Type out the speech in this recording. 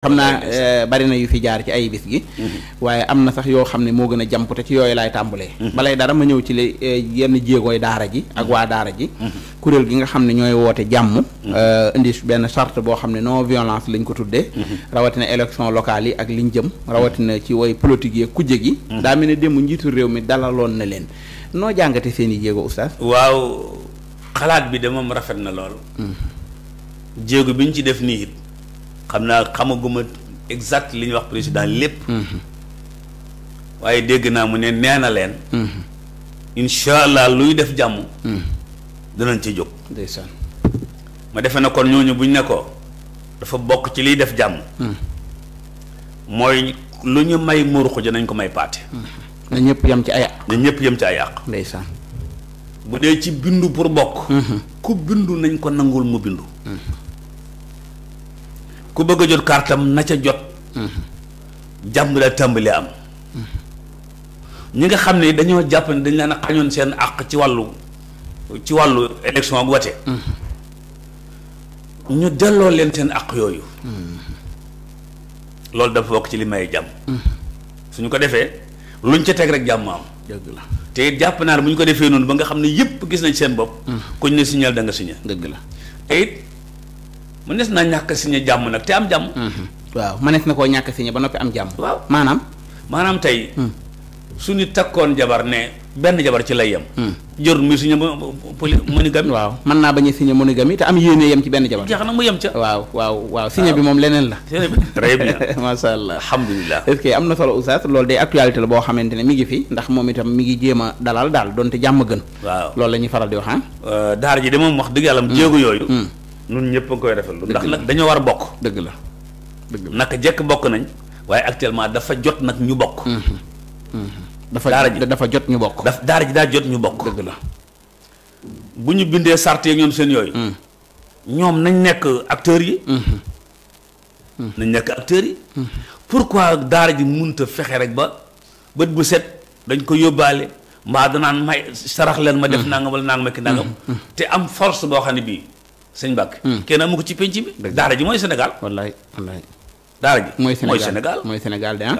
xam naa eh, bari na yu fi jaar ci ay bis gi mm-hmm. waaye am na sax yoo xam ne moo gën a jàmpute ci yooyu laay tàmbulee mm-hmm. balay dara ma ñëw ci li eh, yenn jéegooy daara ji ak mm-hmm. waa daara ji kuréel gi nga xam ne ñooy woote jàmm eh, indi benn charte boo xam ne non violence lañ ko tuddee rawatina élection locale yi ak liñ jëm rawatina ci woy politique yi kujje gi daa mel ne démb njiitu réew mi dalaloon na leen noo jàngate seen i jéego oustaz waaw xalaat bi de moom rafet na lool jéego ci def nii xam naa xamaguma exact li ñuy wax président lépp mm-hmm. waaye dégg naa mu ne nee na leen mm-hmm. incha allah luy def jàmm mm-hmm. danañ ci jóg ndeysaan ma defe na kon ñooñu buñ ne ko dafa bokk ci liy def jàmm mooy lu ñu may muruxu ji nañ ko may paate na ñëpp yem ci ay na ñëpp yem ci ay àq ndeysaan bu dee ci bindu pour bokk ku bindu nañ ko nanguwul mu bindu ku bëgg a jot kartam na ca jot jàmm daa tàmbali am ñi nga xam ne dañoo jàpp ne dañ leen a xañoon seen àq ci wàllu ci wàllu élection ak wote ñu delloo leen seen àq yooyu loolu dafa bokk ci li may jàmm suñu ko defee luñ ca teg rek jàmm am la te it jàpp naa ne bu ñu ko defee noonu ba nga xam ne yëpp gis nañ seen bopp mm. kuñ ne signal da nga signé dëgg la te mënees naa ñàkk signé jàmm nag te am jàmm. Mhm. waaw mënees na koo ñàkk signé ba noppi am jàmm. waaw maanaam. maanaam tey. Hmm. su ñu takkoon jabar ne benn jabar ci lay yem. Hmm. jarul muy signé monogamie. waaw mën naa bañ a signé monogamie te am yéene yem ci benn jabar. jeex na mu yem ca. waaw waaw waaw moom leneen la. très bien macha allah. alhamdulilah am na solo oustaz loolu day actualité la boo xamante ne mi ngi fi ndax moom itam mi ngi jéem a dalal daal donte jàmm gën. loolu la ñuy faral di wax ah. Euh, daara ji de moom wax dëgg yàlla. Hmm. jéego yooyu. ñun ñëpp a koy rafetlu. ndax nag dañoo war a bokk. dëgg la dëgg la naka jekk bokk nañ waaye actuellement dafa jot nag ñu bokk. Mhm. Mhm. dafa daara ji dafa jot bokk. daf daara ji daa jot ñu bokk. dëgg la bu ñu bindee sart yeeg ñoom seen yooyu. Mhm. ñoom nañ nekk acteurs yi. nañ nekk acteur yi. pourquoi daara ji mënut a fexe rek ba bët bu set dañ ko yóbbaale. mbaa danaan may sarax leen ma def nangam wala nangam ak te am force boo xam ne bii. sëñ Mbacke. Hmm. kenn amu ko ci penc bi. daara ji mooy Sénégal. wallaay wallaay. daara ji mooy Sénégal mooy Sénégal de ah.